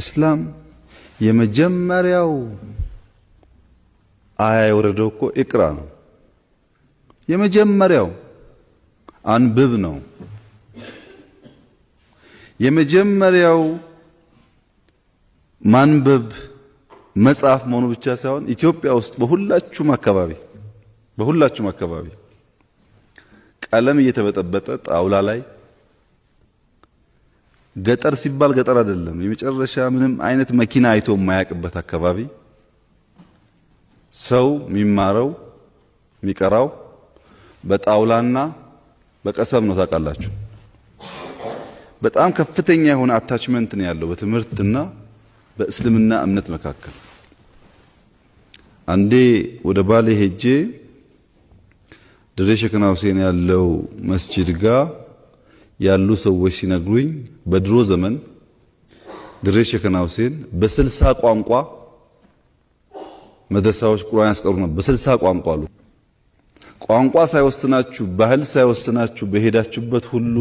እስላም የመጀመሪያው አያ የወረደው እኮ ኢቅራ ነው። የመጀመሪያው አንብብ ነው። የመጀመሪያው ማንበብ መጽሐፍ መሆኑ ብቻ ሳይሆን ኢትዮጵያ ውስጥ በሁላችሁም አካባቢ በሁላችሁም አካባቢ ቀለም እየተበጠበጠ ጣውላ ላይ ገጠር ሲባል ገጠር አይደለም። የመጨረሻ ምንም አይነት መኪና አይቶ የማያውቅበት አካባቢ ሰው የሚማረው የሚቀራው በጣውላና በቀሰብ ነው። ታውቃላችሁ፣ በጣም ከፍተኛ የሆነ አታችመንት ነው ያለው በትምህርትና በእስልምና እምነት መካከል። አንዴ ወደ ባሌ ሄጄ ድሬ ሸክና ሁሴን ያለው መስጂድ ጋር ያሉ ሰዎች ሲነግሩኝ በድሮ ዘመን ድሬ ሸከና ሁሴን በስልሳ ቋንቋ መደሳዎች ቁርአን ያስቀሩ ነበር። በስልሳ ቋንቋ አሉ። ቋንቋ ሳይወስናችሁ ባህል ሳይወስናችሁ በሄዳችሁበት ሁሉ